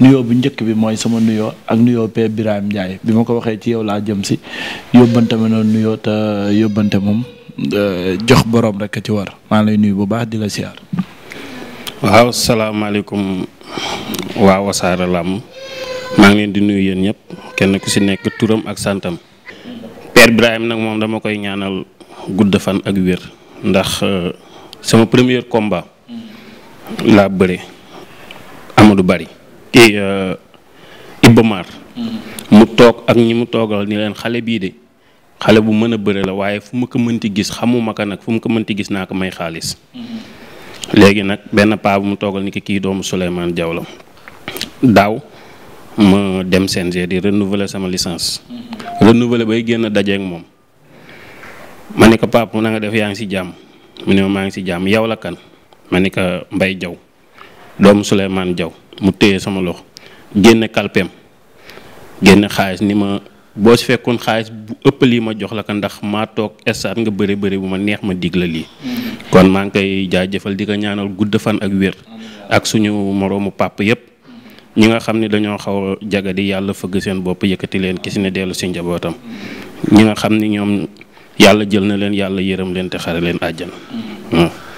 nuyoo bu njëkk bi mooy sama nuyoo ak nuyoo Père Birahim Ndiaye bi ma ko waxee ci yow laa jëm si yóbbante ma noonu nuyoo te yóbbante moom euh, jox borom rek a ci war maa lay nuyu bu baax di la siyaar. waaw salaamaaleykum maa ngi leen di nuyu yéen ñëpp kenn ku si nekk turam ak santam. Père Birahim nag moom dama koy ñaanal gudd fan ak wér ndax euh, sama premier komba laa bëre du Bari. kii euh, Mar mm-hmm. mu toog ak ñi mu toogal ni leen xale bii de xale bu mën a bëre la waaye fu ma ko mënti gis xamuma ko nag fu ma ko mënti gis naa ko may xaalis mm-hmm. léegi nag benn paa bu mu toogal ni ki kii doomu Souleymane Diaw la daaw ma dem CNG di renouveler sama licence mm-hmm. renouveler bay génn dajeek moom ma ne ko pap na nga def yaa ngi si jàmm mu ne ma maa ngi ci jàmm yow la kan ma ne mbay jaw doomu Souleymane jaw mu téye sama loxo génne kalpeem génne xaalis ni ma boo si fekkoon xaalis bu ëpp lii ma jox la ko ndax maa toog estaat nga bëri bëri bu ma neex ma dig la lii. kon maa ngi koy jaajëfal di ñaanal gudd fan ak wér. ak suñu moroomu pàpp yëpp. ñi nga xam ne dañoo xaw a jagadi yàlla fëgg seen bopp yëkkati leen ki si ne dellu si njabootam. ñi nga xam ni ñoom yàlla jël na leen yàlla yërëm leen te xare leen àjjana. Hmm.